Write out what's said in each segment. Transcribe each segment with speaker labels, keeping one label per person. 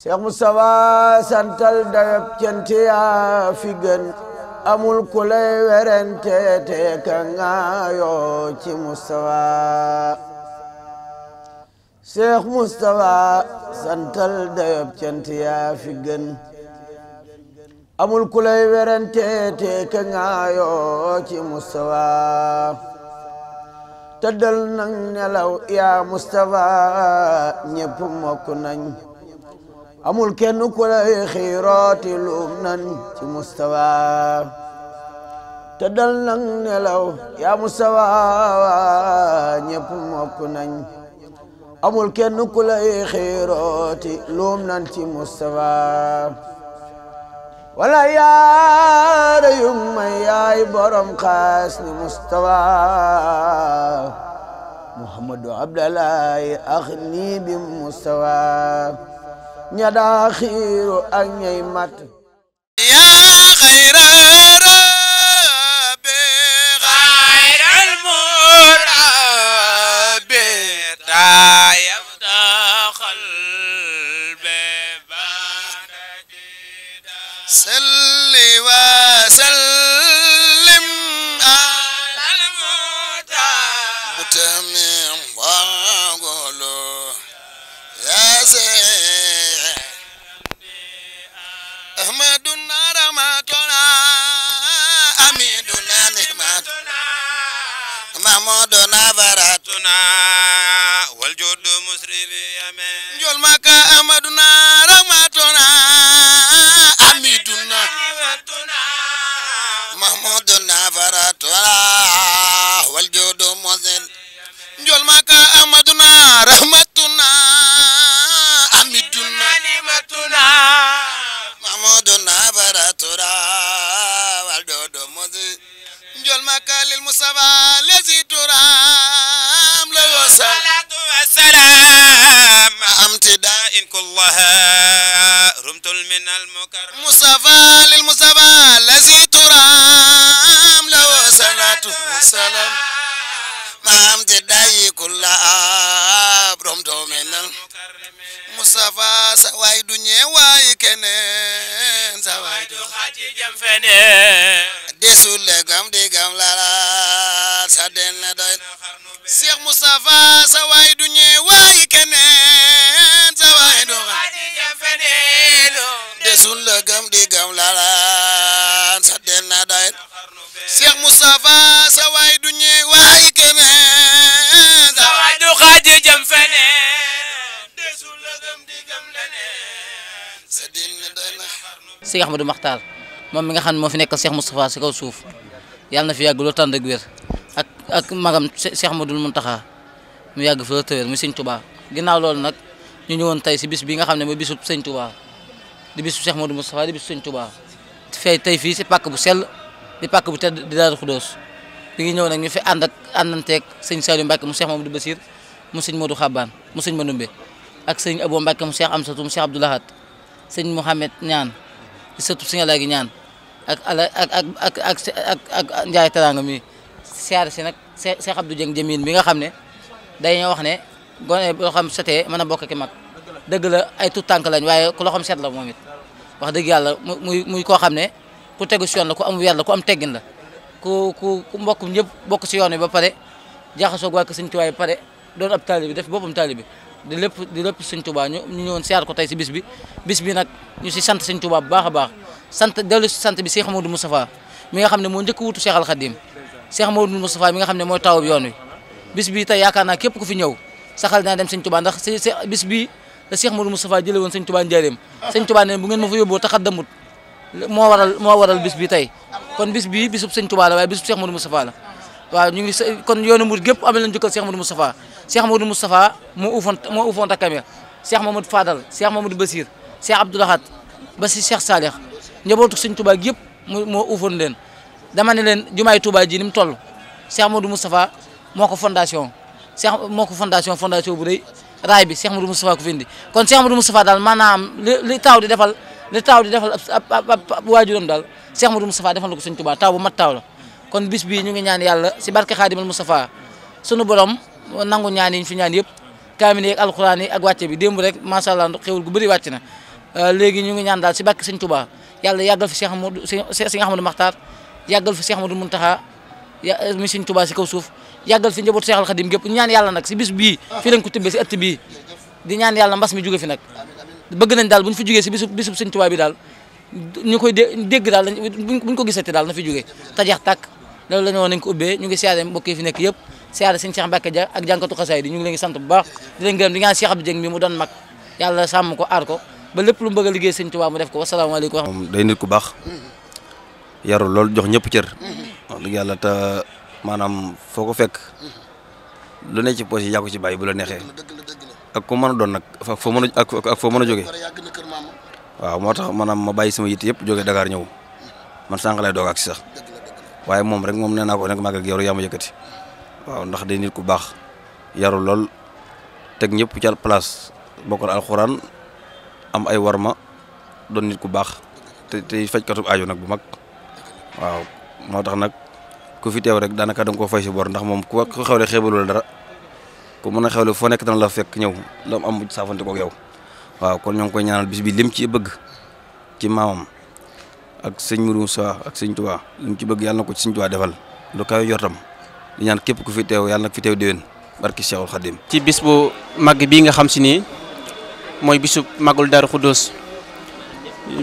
Speaker 1: Seex Mustafa santal dayab cant yaa fi gën amul ku lay werante te ka ngaayoo ci Mustafa fi gën amul ku lay werante te ka ngaayoo ci Mustafa tëddal nelaw yaa Mustafa ñépp mokk nañ amul kenn ku lay xiiraati luum nan ci mustawa te dal nang nelaw yaa mustawa ñépp mokk nañ amul kenn ku lay xiiraati luum nan ci mustawa wala yaara yu may yaay borom xaas ni mustawa muhammadu abdalahi ax nii bi ña daa xiiru ak ñay mat
Speaker 2: yaa xayra محمدنا فراتنا والجود مسري بيامين جول مكا أمدنا رحمتنا أميدنا محمدنا فراتنا والجود مسري جول مكا أمدنا والمكان للمصطفى الذي ترام له الصلاة والسلام امتداء كلها رمت من المكرم مصطفى للمصطفى الذي ترام له الصلاة والسلام ما امتداء كلها رمت من المكرم مصطفى سواي دنيا واي كنن سواي دو خاتي جنفني desul le gam di gam lala sa den la doy Seex Mustafa sa waay du ñee waay keneen sa waay du desul le gam di gam lala sa den la doy Seex Mustafa sa waay du ñee waay keneen sa waay du xaadi jëm feneen desul le gam di gam
Speaker 3: leneen sa den la doy na Seex Ahmadu Maxtaar moom mi nga xam ne moo fi nekkal Cheikh Moustapha si kaw suuf yàlla na fi yàgg loo tànd ak wér ak ak magam Cheikh Madul Muntaxa mu yàgg fa tëwér mu sëñ Touba ginnaaw loolu nag ñu ñëwoon tey si bis bi nga xam ne mooy bisu sëñ Touba di bisu Cheikh Madul Moustapha di bisu sëñ Touba fay tey fii si pàkk bu sell di pàkk bu tedd di Daaru Xudóos bi ngi ñëw nag ñu fi ànd ak àndanteeg sëñ Saliou Mbacke mu Cheikh Mamadou Basir mu sëñ Modou Xabaan mu sëñ Manumbe ak sëñ Abou Mbacke mu Cheikh Amsatou mu Cheikh Abdoulahat sëñ Mouhamed ñaan di sëtu sëñ Alaaji ñaan ak ala ak ak ak ak ak ak Ndiaye Teranga mi siyaare si nag Cheikh Abdou Dieng Jamil mi nga xam ne dañuy wax ne gone loo xam setee mën a bokk ki mag dëgg la ay tout tànk lañ waaye ku loo xam set la moom it wax dëgg yàlla muy muy koo xam ne ku tegu si yoon la ku am weer la ku am teggin la ku ku ku mbokk ñëpp bokk si yoon wi ba pare jaxasoo waa ko Sëñ Tuubaa pare doon ab taalibi def boppam taalibi di lépp di lépp Sëñ ñu ñu ñëwoon siyaar ko tey si bis bi nag ñu si sant Sëñ Tuubaa bu a sant dellu si sant bi Cheikh Modou Moustapha mi nga xam ne moo njëkk wutu Cheikh Al Khadim Cheikh Modou Moustapha mi nga xam ne mooy taw yoon wi bis bii yaakaar naa képp ku fi ñëw saxal dina dem sëñ Touba ndax bis bii la Cheikh Modou Moustapha jële woon sëñ Touba njaareem sëñ Touba ne bu ngeen ma fa yóbboo taxaddamut moo waral moo waral bis bi tey kon bis bii bisub sëñ Touba la waaye bisub Cheikh Modou Moustapha la waaw ñu ngi kon yoonu mur gépp am nañu jëkkal Cheikh Modou Moustapha Cheikh Modou Moustapha moo ufoon moo ufoon takkam ya Cheikh Mamadou Fadal Cheikh Mamadou Basir Cheikh Abdoulahat ba si Cheikh Salih njabootu sëñ Touba gi yëpp moo uufoon leen dama ne leen jumaay Touba ji ni mu toll Cheikh Modou Moustapha moo ko fondation Cheikh moo ko fondation fondation bu rëy raay bi Cheikh Modou Moustapha ko fi indi kon Cheikh Modou Moustapha daal maanaam li li taaw di defal li taaw di defal ab waajuram daal Cheikh Modou Moustapha defal na ko sëñ Touba taaw bu mat taaw la kon bis bii ñu ngi ñaan yàlla si barke Xaadimal Moustapha sunu borom nangu ñaan yi ñu fi ñaan yëpp kaamil yi ak alxuraan yi ak wàcce bi démb rek macha allah xewul gu bëri wàcc na Euh, léegi ñu ngi ñaan daal si bàkki sëñ Touba yàlla yàggal fi Cheikh Amadou Cheikh Amadou Makhtar yàggal fi Cheikh Amadou Mountakha ya euh, mi sëñ Touba si kaw suuf yàggal fi njabootu Cheikhul Khadim gépp ñaan yàlla nag si bis bii fii lañ ko tibbee si ëtt bii di ñaan yàlla mbas mi jóge fi nag bëgg nañ daal buñ fi jógee si bisu bisub sëñ Touba bi daal ñu koy dégg daal buñ ko gisati daal na fi jógee te jeex tàkk loolu la ñu woon nañ ko ubbee ñu ngi siyaare mbokk yi fi nekk yëpp siyaare sëñ Cheikh Mbacke Dia ak jànkatu xasaay di ñu ngi leen ngi sant bu baax di leen gërëm di ñaan Cheikh Abdou Dieng mi mu doon mag yàlla sàmm ko aar ko ba lépp lu mu bëgg liggéey sëñ Tuubaa mu def ko wasalaamaaleykum. moom
Speaker 4: day nit ku baax yaru loolu jox ñëpp cër mm-hmm. wax yàlla maanaam foo fekk mm-hmm. lu ne ci poche yi yaa ko ci bàyyi bu la neexee ak ku mën a doon nag ak foo a ak foo mën a jógee waaw moo tax maanaam ma bàyyi sama yitt yëpp jógee Dakar ñëw mm-hmm. man sànq lay doog ak si sax waaye moom rek moom nee naa ko nag màggal gi yow yaa ma yëkkati waaw ndax day nit ku baax yaru lool teg ñëpp ci place bokkal alxuraan. am ay warma doon nit ku baax te tey fajkatub aajo nag bu mag waaw moo tax nag ku fi teew rek daanaka da nga koo fay si bor ndax moom ko xewle xeebalu la dara ko mën a xewle foo nekk dana la fekk ñëw la am saafante koog yow waaw kon ñoo ngi koy ñaanal bis bi lim ci bëgg ci maamam ak sëñ Moussa ak sëñ Touba lim ci bëgg yàlla na ko ci sëñ Touba defal lu kaw yortam di ñaan képp ku fi teew yàlla na fi teew déwén barki Cheikhul Khadim
Speaker 5: ci bis mag bii nga xam si nii mooy bisub Magal Daaru Xuddoos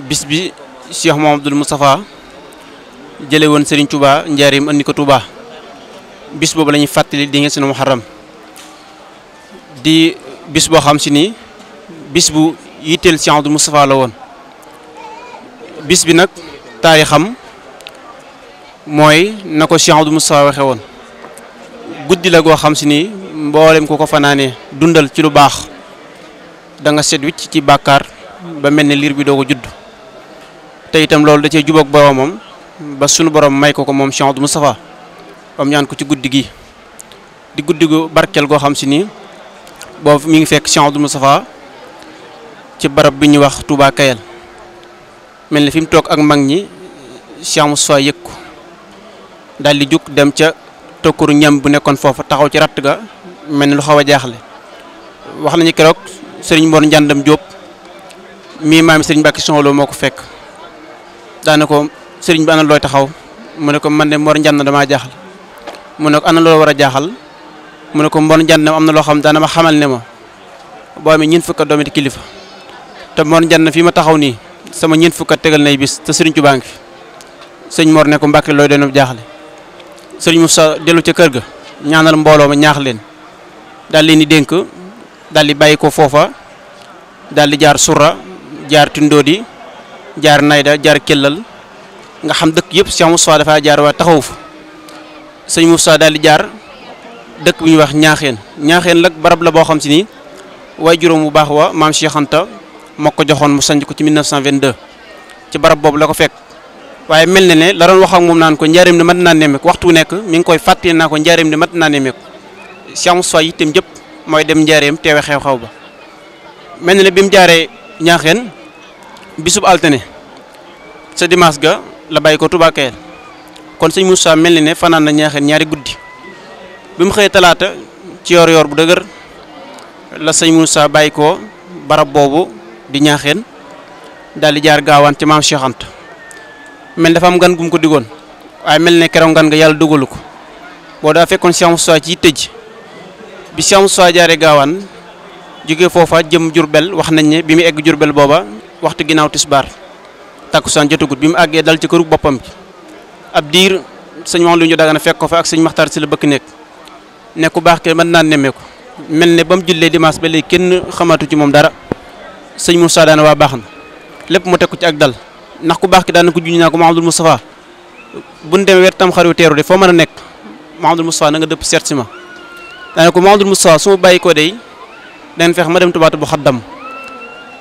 Speaker 5: bis bi Cheikh Mouhamadoul Moustapha jële woon Serigne Touba njaarim andi ko Touba bis boobu lañuy ñuy fàttali di ngeen seen muharram di bis boo xam si ni bis bu yitteel Cheikh Mouhamadoul la woon bis bi nag xam mooy na ko Cheikh Mouhamadoul Moustapha waxe woon guddi la goo xam si ni mboolem ko ko fanaanee dundal ci lu baax da nga set wicc ci bàkkaar ba mel ni liir bi doo ko judd te itam loolu da cee jubóog boromam ba sunu borom may ko ko moom Cheikh Abdou Moustapha am ñaan ko ci guddi gi di guddi gu barkeel goo xam si ni boobu mi ngi fekk Cheikh Abdou Moustapha ci barab bi ñu wax tubaakayal mel ni fi mu toog ak mag ñi Cheikh Moustapha yëg ko daal di jukk dem ca tokkuru ñam bu nekkoon foofu taxaw ci ratt ga mel ni lu xaw a jaaxle wax nañu keroog. sëriñ Mor Njàndam Diop mii maam sëriñ Mbàkke Soxloo moo ko fekk daana ko sëriñ bi ana looy taxaw mu ne ko man de Mor Njànd damaa jaaxal mu ne ko ana loo war a jaaxal mu ne ko Mor Njànd am na loo xam daana ma xamal ne ma boo amee ñeent fukk doomi kilifa te Mor na fii ma taxaw nii sama ñeent fukk tegal nay bis te sëriñ Tuubaa ngi fi sëñ Mor ne ko Mbàkke looy doon jaaxle sëriñ sa dellu ca kër ga ñaanal mbooloo ma ñaax leen daal leen di dénk. daal di bàyyi ko foofa daal di jaar Surra jaar Tindodi jaar Nayda jaar Kellal nga xam dëkk yëpp Cheikh Moussa dafa jaar waa taxawu fa sëñ Moussa daal di jaar dëkk bu ñuy wax ñaaxeen ñaaxeen nag barab la boo xam si ni waaye juróom bu baax wa maam Cheikh Anta moo ko joxoon mu sanc ko ci 1922 ci barab boobu la ko fekk waaye mel na ne la doon wax ak moom naan ko njaareem di mat naa nemmeeku waxtu nekk mi ngi koy fàttee naa ko njaareem di mat naa nemmeeku Cheikh Moussa itam yëpp mooy dem njaareem teewe xew-xew ba mel na ne bi mu jaaree ñaaxeen bisub altine sa dimanche ga la bàyyi ko Touba kon sëñ Moussa mel ni ne fanaan na ñaaxeen ñaari guddi bi mu xëyee talaata ci yoor yor bu dëgër la sëñ Moussa bàyyi ko barab boobu di ñaaxeen daal di jaar gaawaan ci maam Cheikh Anta mel dafa am gan gum ko digoon waaye mel ni keroog gan nga yàlla dogalu ko boo daa fekkoon Cheikh Moussa ci tëj. bi Cheikh Moussa jaare gaawaan jóge foofa jëm Jurbel wax nañ ne bi mu egg Jurbel booba waxtu ginnaaw tisbaar takkusaan jotagut bi mu àggee dal ci këru boppam bi ab diir sëñ Maam lu ñu dagana fekk ko fa ak sëñ Maxtaar si la bëkk nekk ne ku baax ke mën naa nemmeeku mel ne ba mu jullee dimanche ba léegi kenn xamaatu ci moom dara sëñ Moussa daana waa baax na lépp mu teg ci ak dal ndax ku baax ki daana ko juñ naa ko Mahamadul Moustapha bu ñu demee weer tam xariw teeru de mën a nekk Mahamadul Moustapha na nga dëpp seet ma daane ko Mamadou Moustapha su ma bàyyi ko day dangeen fexe ma dem Touba te bu xaddam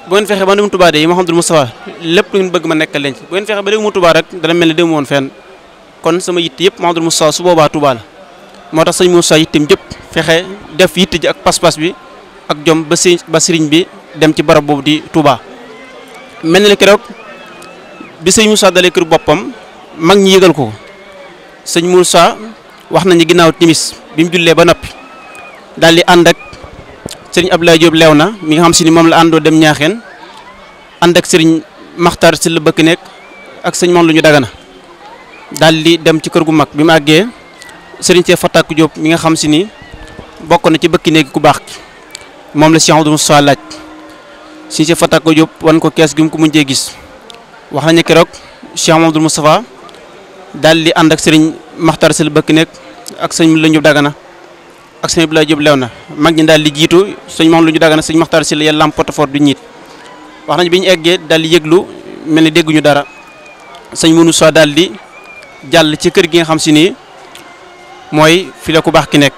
Speaker 5: bu ngeen fexe ma dem Touba day Mamadou Moustapha lépp ma nekkal leen ci bu ngeen fexe ba déwuma Touba rek dana mel ne déwuma woon fenn kon sama yitt yëpp Mamadou Moustapha su boobaa Touba la moo tax sëñ Moustapha yittim jëpp fexe def yitt ak pas-pas bi ak jom ba sëriñ bi dem ci barab boobu di Touba mel na keroog bi sëñ Moussa dalee kër boppam mag ñi yëgal ko sëñ Moussa wax nañu ginnaaw timis bi mu jullee ba noppi daal di ànd ak sëriñ Abdoulaye Diop leew na mi nga xam si ni moom la àndoo dem ñaaxeen ànd ak sëriñ Maxtar si la bëkk nekk ak sëñ moom lu ñu dagana daal di dem ci kër gu mag bi mu àggee sëriñ Cheikh Fatak mi nga xam si ni bokk na ci bëkk néegi ku baax moom la Cheikh Abdou Moussa laaj sëriñ wan ko kees gi mu ko mujjee gis wax nañu keroog Cheikh Mamadou di ànd ak sëriñ Maxtar nekk ak sëñ la ñu dagana ak bi laa Diop lew na mag ñi daal di jiitu sëñ moom lu ñu dagana sëñ Maxtaar si la yàlla am portefort du ñiit wax nañ bi ñu eggee daal di yëglu mel ni dégguñu dara sëñ mënu soo daal di jàll ci kër gi nga xam si nii mooy fi ku baax ki nekk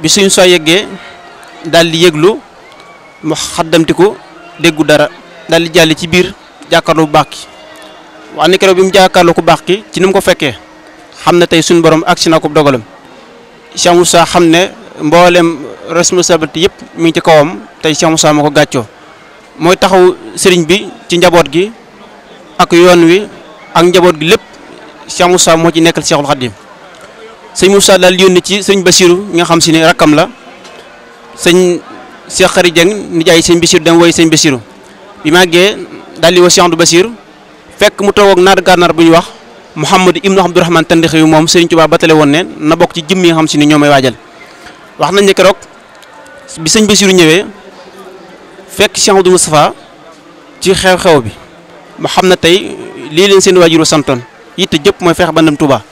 Speaker 5: bi suñ soo yeggee daal di yëglu mu xaddamtiku déggu dara daal di jàll ci biir jàkkaarloo bu baax ki wax ni keroog bi mu jàkkaarloo ku baax ki ci ni mu ko fekkee xam na tey suñu borom agsi na ko dogalam Cheikh Moussa xam ne mboolem responsabilité yëpp mu ngi ci kawam tey Cheikh Moussa moo ko gàccoo mooy taxaw sëriñ bi ci njaboot gi ak yoon wi ak njaboot gi lépp Cheikh Moussa moo ci nekkal Cheikhul Khadim sëñ dal daal yónni ci sëñ Bassirou nga xam si ne rakkam la sëñ Cheikh Khary Dieng ni jaay sëñ Bassirou dem woy sëñ Bassirou bi màggee daal di woo Cheikh Abdou Bassirou fekk mu toog ak naar gànnaar bu wax. Mouhamadou Ibnu Abdourahman Tandix yu moom Serigne Touba batale woon ne na bokk ci jëmm yi nga xam si ni ñoom ay waajal wax nañ ne keroog bi sëñ Bassirou ñëwee fekk Cheikh Abdou Moustapha ci xew-xew bi mu xam na tey lii leen seen waajuru santoon yitte jëpp mooy feex bandam Touba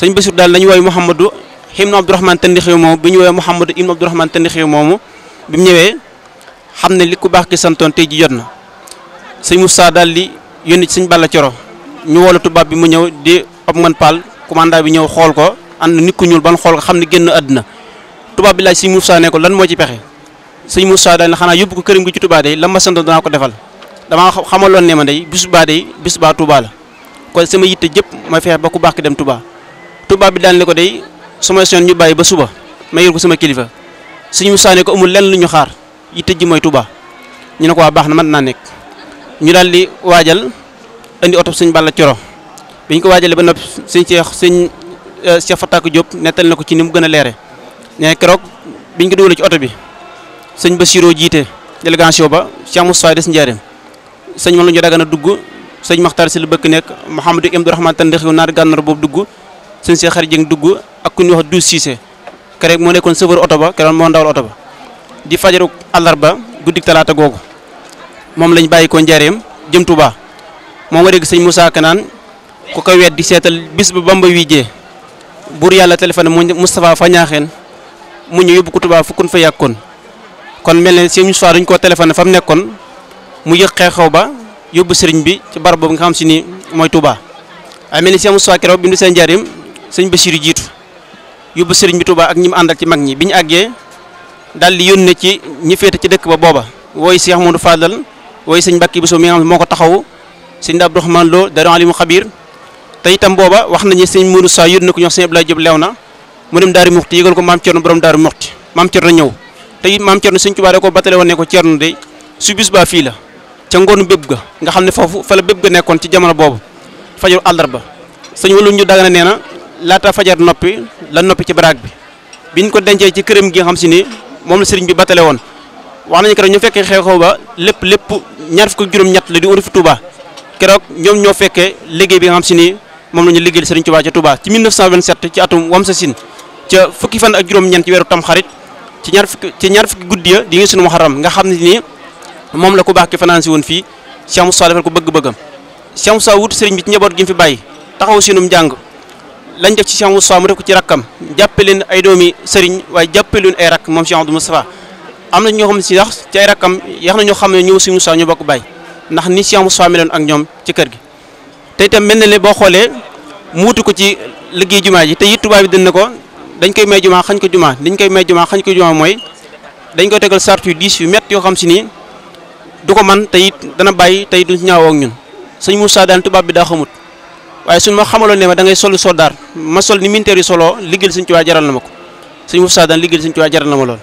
Speaker 5: sëñ Bassirou daal lañu woy Mouhamadou Ibnu Abdourahman Tandix yu moom bi ñu woowee Mouhamadou Ibnu Abdourahman Tandix yu moomu bi mu ñëwee xam ne li ku baax ki santoon tey ji jot na sëñ Moussa daal di yónni ci sëñ Balla Coro ñu woolu tubaab bi mu ñëw di ob man paal commandant bi ñëw xool ko ànd nit ku ñuul ban xool ko xam ne génn àdduna tubaab bi laaj sëñ Moussa ne ko lan moo ci pexe sëñ Moussa daal ne xanaa yóbbu ko këram gi ci Touba day la ma sant danaa ko defal damaa xamaloon ne ma day bis baa day bis baa Touba sama yitte jëpp ma fexe ba ku baax ki dem tubaa tubaab bi daal ne ko day sama soon ñu bàyyi ba suba may yër ko sama kilifa sëñ Moussa ne ko amul lenn lu ñu xaar yitte ji mooy tubaa ñu ne ko waa baax na mën naa nekk ñu daal di waajal indi oto sëñ Balla Coro biñ ko waajalee ba noppi sëñ Cheikh sëñ eh, Cheikh Fatak Diop nettali na ko ci ni mu gën a leere ne keroog biñ ko dugalee ci oto bi sëñ Bassirou jiite délégation ba Cheikh Moustapha des Njaareem sëñ Maodo Ndiaye dana dugg sëñ Makhtar si la bëkk nekk Mouhamadou Ibn Rahman Tan Ndexiw naar gànnaar boobu dugg sëñ Cheikh Xar dugg ak ku ñuy wax du Cissé keroog moo nekkoon chauffeur oto ba keroog moo ndawal oto ba di fajaru ba guddik talaata googu moom lañ bàyyi ko Njaareem jëm moo nga dégg sëñ Moussa Kanaan ku ko wet di seetal bis bu Bamba wijee buur yàlla téléphone mu Moustapha fa ñaaxeen mu ñu yóbbu ko tubaa fukkun fa yàkkoon kon mel ne sëñ dañ koo téléphoné fa mu nekkoon mu yëg xew ba yóbbu sëriñ bi ci barab nga xam si ni mooy Tuubaa ay mel ni sëñ Moussa keroog bi mu seen jarim sëñ Bassirou jiitu yóbbu sëriñ bi tubaa ak ñi mu àndal ci mag ñi bi ñu àggee daal di yónnee ci ñi féetal ci dëkk ba booba woy Cheikh Modou Fadal wooy sëñ Mbàkke Bousso mi nga moo ko taxaw sëñ Abdourahmane Lo daron alimu xabir te itam booba wax nañu sëñ Mourou Sa yónni ko ñox sëñ Abdoulaye Diop lew na mu dem Daaru Muxti yëgal ko maam Cerno borom Daaru Muxti maam Cerno ñëw te maam Cerno sëñ Tuubaa da ko batale woon ne ko Cerno de su bis baa fii la ca ngoonu bépp ga nga xam ne foofu fa la bépp ga nekkoon ci jamono boobu fajar àllarba sëñ walu ñu dagana nee na laata fajar noppi la noppi ci baraag bi biñ ko bi batale ko ñu keroog ñoom ñoo fekkee liggéey bi nga xam si ni moom la ñu liggéeyal Serigne ca Touba ci 1927 ci atum Wamsasin ca fukki fan ak juróom-ñeent ci weeru Tamxarit ci ñaar fukki ci ñaar fukki guddi ya di nga sunu Muharram nga xam ne ni moom la ku baax ki fanaan si woon fii Cheikh Moussa defal ko bëgg-bëggam Cheikh Moussa wut Serigne bi ci njaboot gi mu fi bàyyi taxaw sinum njàng lañ def ci Cheikh Moussa mu def ko ci rakkam jàppe leen ay doomi Serigne waaye jàppe leen ay rakk moom Cheikh Abdou Moustapha am na ñoo xam bokk bàyyi ndax ni Cheikh Moussa meloon ak ñoom ci kër gi te tam mel na ne boo xoolee muutu ko ci liggéey jumaa ji tey it tubaab bi dënn ko dañ koy may jumaa xañ ko jumaa dañ koy may jumaa xañ ko jumaa mooy dañ koy tegal sart yu diis yu métt yoo xam si nii du ko man tey it dana bàyyi te du ñaawoo ak ñun sëñ Moussa daan tubaab bi daa xamut waaye suñ ma xamaloon ne ma da ngay solu soldaar ma sol ni militaire yi soloo liggéeyal sëñ Tuubaa jaral na ma ko sëñ Moussa daan liggéeyal sañ Tuubaa jaral na ma lool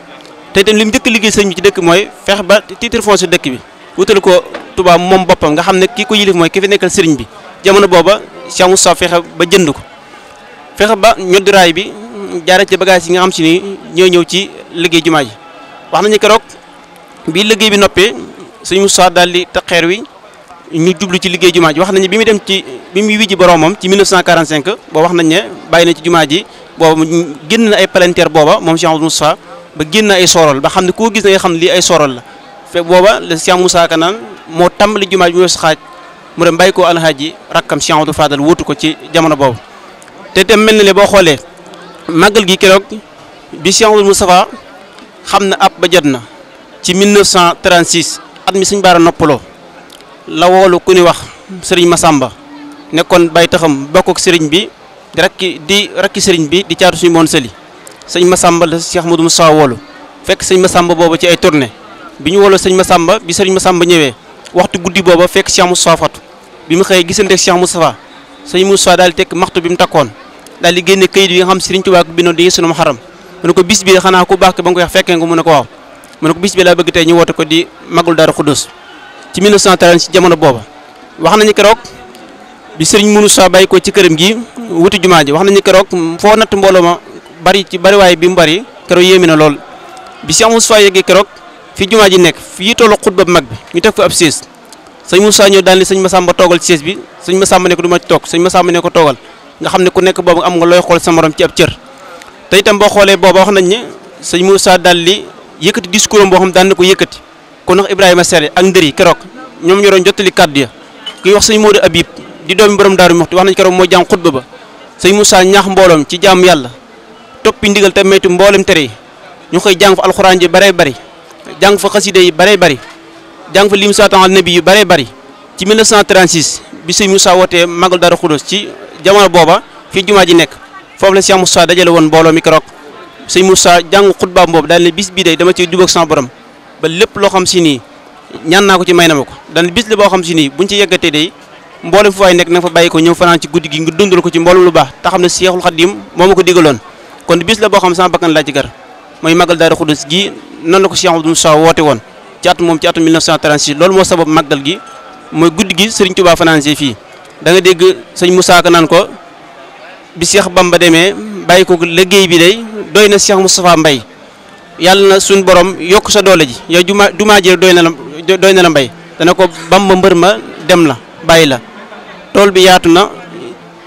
Speaker 5: te itam li ci dëkk mooy fex ba titre foncier dëkk bi wutale ko tubaab moom boppam nga xam ne kii ko yilif mooy ki fi nekkal sëriñ bi jamono booba Cheikh Moustapha fexe ba jënd ko fexe ba ñoddi raay bi jaare ci bagage yi nga xam si ni ñoo ñëw ci liggéey jumaa ji wax nañu keroog bi liggéey bi noppee sëñ Moustapha daal di teg wi ñu jublu ci liggéey jumaa ji wax nañu bi muy dem ci bi muy wiji boromam ci 1945 boo wax nañ ne bàyyi na ci jumaa ji booba génn na ay palanteer booba moom Cheikh Moustapha ba génn na ay sorol ba xam ne koo gis na lii ay sorol la fekk booba la Cheikh Moussa Ka naan moo tàmbali jumaa ji mu weesu xaaj mu dem bàyyi ko alxaaji rakkam Cheikh Abdou Fadal ko ci jamono boobu te itam mel na ne boo xoolee màggal gi keroog bi Cheikh xam na ab ba na ci 1936 at mi suñ baara noppaloo la woolu ku ni wax sëriñ Massamba nekkoon bay taxam bokk sëriñ bi di di rakki sëriñ bi di caatu suñu moon sëli sëñ Massamba la Cheikh Modou Moustapha woolu fekk sëñ Massamba boobu ci ay tournée bi ñu woloo sëñ Massamba bi sëñ Massamba ñëwee waxtu guddi booba fekk Cheikh Moustapha fatu bi mu xëyee gisante ak Cheikh Moustapha sëñ Moustapha daal di tekk maxtu bi mu takkoon daal di génne këyit yi nga xam Sëriñ Tuubaa ko bindoon di sunu Muharram mu ne ko bis bi xanaa ku baax ke ba ko wax fekkee nga mu ne ko mu ne ko bis bi laa bëgg tey ñu woote ko di magul Daaru Xuddus ci 1930 ci jamono booba wax nañu keroog bi sëriñ Moussa bàyyi ko ci këram gi wuti jumaa ji wax nañu keroog foo natt mbooloo ma bari ci bari waaye bi mu bari keroog yéeme na lool bi Cheikh Moustapha yeggee keroog fi jumaa ji nekk fii tollu xutba bu mag bi ñu teg fa ab siis sëñ Moussa ñëw daan li sëñ Massamba toogal ci siis bi sëñ Massamba ne ko du ma toog sëñ Massamba ne ko toogal nga xam ne ku nekk boobu am nga looy xool sa morom ci ab cër te itam boo xoolee booba wax nañ ne sëñ Moussa daal li yëkkati discours am boo xam daan na ko yëkkati kon ndax Ibrahima Sere ak ndëri keroog ñoom ñoo doon jottali kàddu ya kuy wax sëñ Modou Habib di doomi borom daaru Muxti wax nañ keroog moo jàng xutba ba sëñ Moussa ñaax mbooloom ci jaamu yàlla toppi ndigal te moytu mboolem tere yi ñu koy jàng fa alxuraan ji bare bari jàng fa xasida yi bëree bëri jàng fa lim saatan al nabi yu bëree bëri ci 1936 bi sëñ Moussa wootee magal Daaru Xudoos ci jamono booba fii jumaa ji nekk foofu la sëñ Moussa dajale woon mbooloo mi keroog sëñ Moussa jàng xutbaam boobu daal ne bis bii day dama ciy jubóog sama borom ba lépp loo xam si nii ñaan naa ko ci may na ma ko daal bis la boo xam si nii buñ ci yeggatee day mboolem fu waay nekk na fa bàyyi ko ñëw fanaan ci guddi gi nga dundal ko ci mboolem lu baax te xam ne kon bis boo xam sama bakkan laa ci nan la ko Cheikh Abdou Moussa woote woon ci at moom ci atum 1936 loolu moo sabab màggal gi mooy guddi gi Serigne Touba fanaanse fii da nga dégg sëñ Moussa Ka naan ko bi Cheikh Bamba demee bàyyi ko liggéey bi day doy na Cheikh Moustapha mbay yàlla na suñ borom yokk sa doole ji yow juma jumaa ji doy na la doy na la mbay dana ko Bamba mbër ma dem la bàyyi la tool bi yaatu na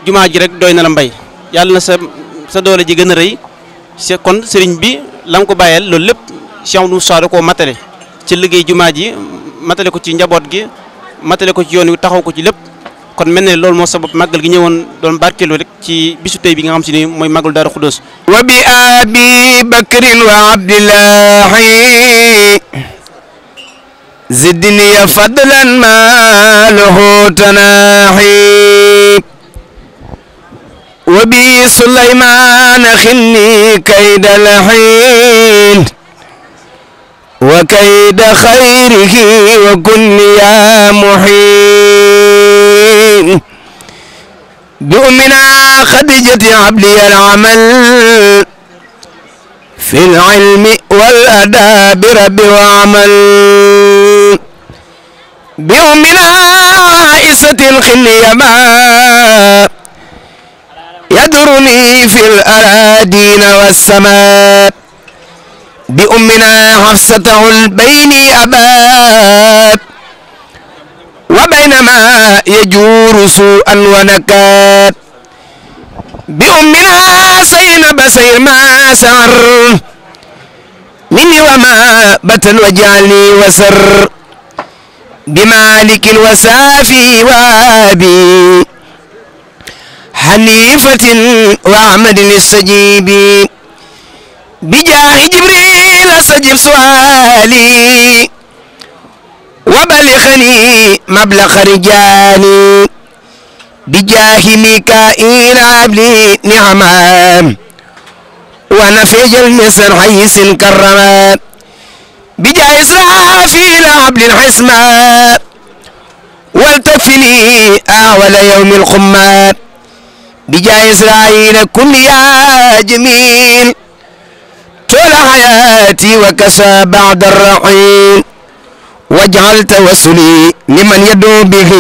Speaker 5: jumaa ji rek doy na la mbay yàlla na sa sa doole ji gën a rëy kon sëriñ bi lam ko bàyyeel loolu lépp Cheikh Abdou Moussa da koo matale ci liggéey jumaa ji matale ko ci njaboot gi matale ko ci yoon taxaw ko ci lépp kon mel ne loolu moo sabab màggal gi ñëwoon doon barkeelu rek ci bisu tey bi nga xam si ni mooy màggal Daaru Xuddoos wa bi abi bakrin wa abdillahi
Speaker 6: zidniya fadlan maa lahu wa bi sulaymaan xinni kaydal وكيد خيره وكن يا محيي بأمنا خديجة عبدي العمل في العلم والأداب رب وعمل بأمنا عائسة الخليما يدرني في الأراضين والسماء بأمنا حفصته البين أبات وبينما يجور سوءا ونكات بأمنا زينب سير ما سر مني وما بتل وجعلني وسر بمالك الوسافي وابي حنيفة وأحمد للسجيب bijaahi jibril astajib su'aali wa balighni mablagha rijaali bijaahi mikaa'il abli ni'aman wa nafijal misan haysin karrama bijaahi israafil abli hisma wal takfini awwala yawmil qumma bijaahi israa'iila kun yaa jamiil في الحياة وكسى بعد الرحيم واجعل توسلي لمن يدعو به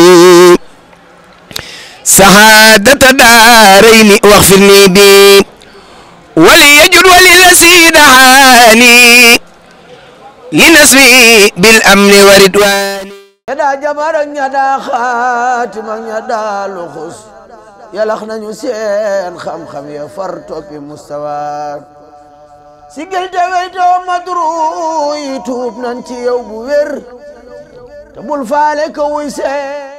Speaker 6: سعادة دارين واغفر لي بي وليجد وللذي دعاني لنسوي بالأمن
Speaker 1: وردوان يدا جبر يدا خاتم يدا لخص يلخنا نسين خم خم يفرتو بمستوى sigil te weytoo madru yi tuub nan ci yow bu wér te bul faale ko wuy see